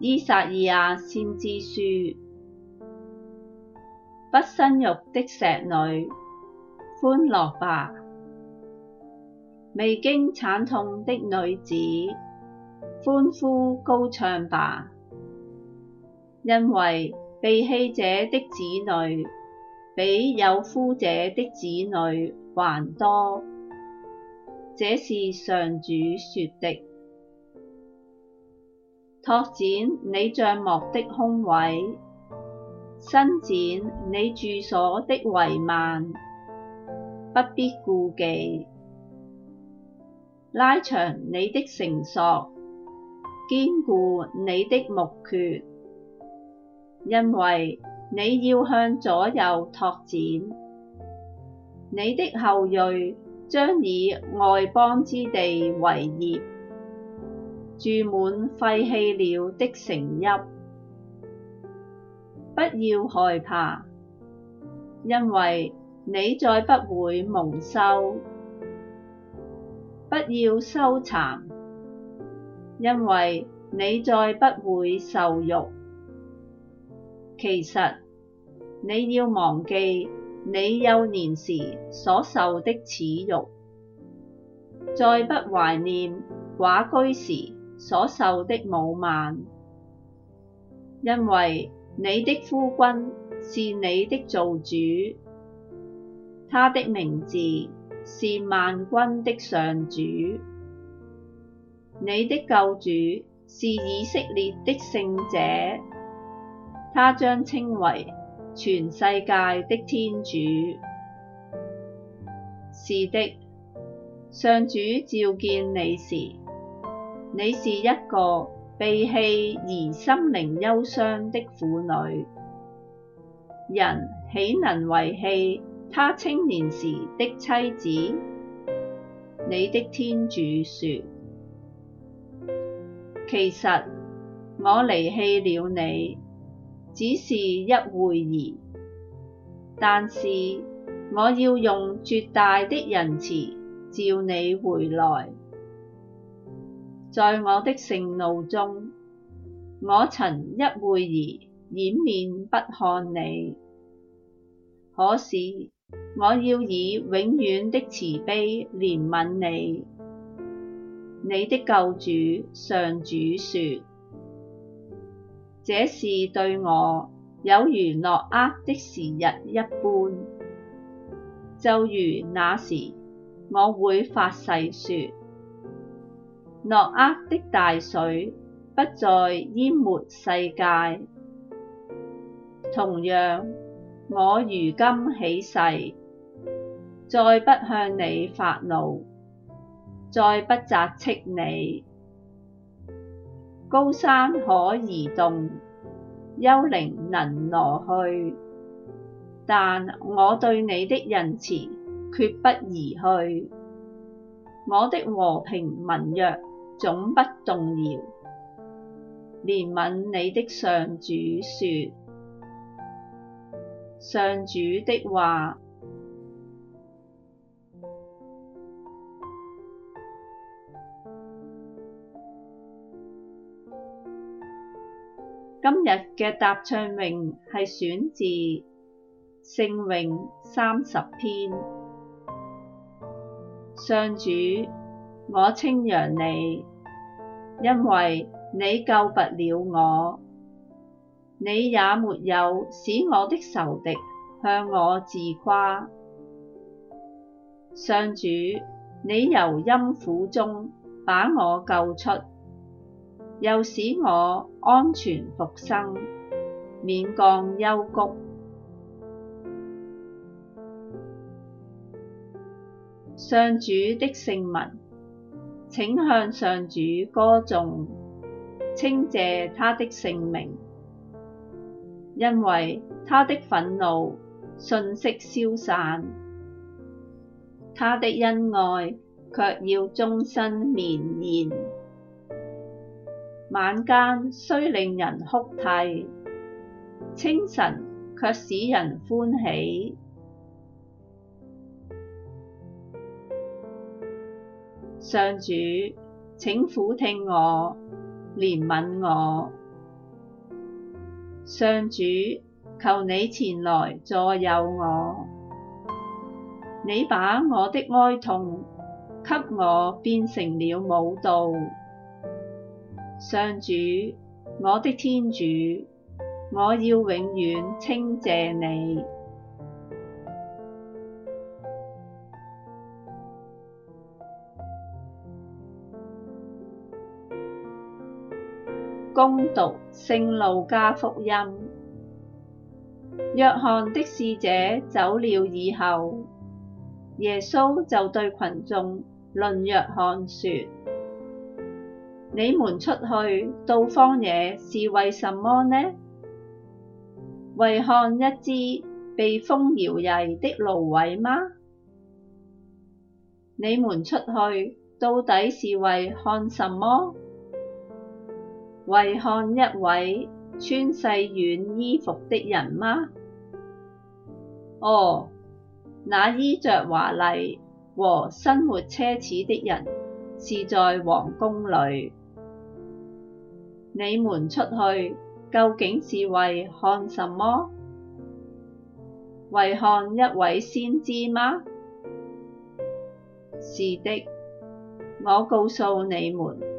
依撒意亞先知書：不生育的石女，歡樂吧；未經產痛的女子，歡呼高唱吧。因為被棄者的子女比有夫者的子女還多，這是上主說的。拓展你帳幕的空位，伸展你住所的帷幔，不必顧忌，拉長你的繩索，堅固你的木橛。因為你要向左右拓展，你的後裔將以外邦之地為業。住滿廢棄了的城邑，不要害怕，因為你再不會蒙羞；不要羞慚，因為你再不會受辱。其實你要忘記你幼年時所受的恥辱，再不懷念寡居時。所受的侮慢，因為你的夫君是你的造主，他的名字是萬軍的上主，你的救主是以色列的聖者，他將稱為全世界的天主。是的，上主召見你時，你是一個被棄而心靈憂傷的婦女，人豈能遺棄他青年時的妻子？你的天主説：其實我離棄了你，只是一會兒，但是我要用絕大的仁慈召你回來。在我的盛怒中，我曾一會兒掩面不看你。可是我要以永遠的慈悲憐憫你。你的救主上主説：這事對我有如諾厄的時日一般，就如那時我會發誓説。諾厄的大水不再淹沒世界。同樣，我如今起誓，再不向你發怒，再不責斥你。高山可移動，丘陵能挪去，但我對你的仁慈決不移去。我的和平盟約。總不動搖。憐憫你的上主說：上主的話，今日嘅答唱詠係選自聖詠三十篇。上主。我稱揚你，因為你救拔了我，你也沒有使我的仇敵向我自誇。上主，你由陰府中把我救出，又使我安全復生，免降幽谷。上主的聖民。請向上主歌頌，稱謝他的聖名，因為他的忿怒瞬息消散，他的恩愛卻要終生綿延。晚間雖令人哭涕，清晨卻使人歡喜。上主，請俯聽我，憐憫我。上主，求你前來助佑我。你把我的哀痛給我變成了舞蹈。上主，我的天主，我要永遠稱謝你。恭讀《聖路加福音》，若翰的使者走了以後，耶穌就對群眾論若翰說：你們出去到荒野是為什麼呢？為看一枝被風搖曳的蘆葦嗎？你們出去到底是為看什麼？為看一位穿細軟衣服的人嗎？哦，那衣着華麗和生活奢侈的人是在王宮裏。你們出去究竟是為看什麼？為看一位先知嗎？是的，我告訴你們。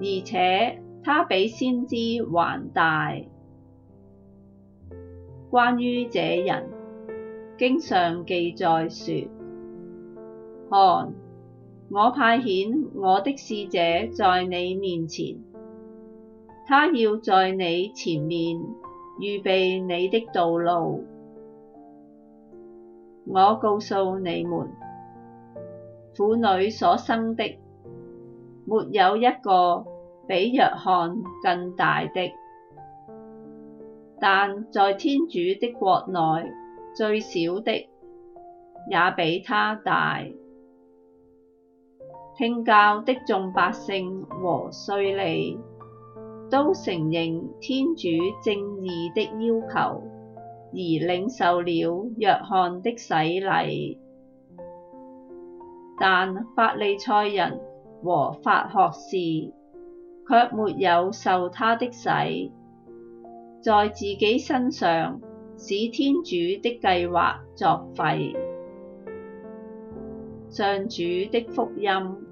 而且他比先知還大。關於這人，經上記載説：看，我派遣我的使者在你面前，他要在你前面預備你的道路。我告訴你們，婦女所生的。沒有一個比若翰更大的，但在天主的國內，最小的也比他大。聽教的眾百姓和稅吏都承認天主正義的要求，而領受了若翰的洗禮。但法利塞人，和法學士，卻沒有受他的洗，在自己身上使天主的計劃作廢。上主的福音。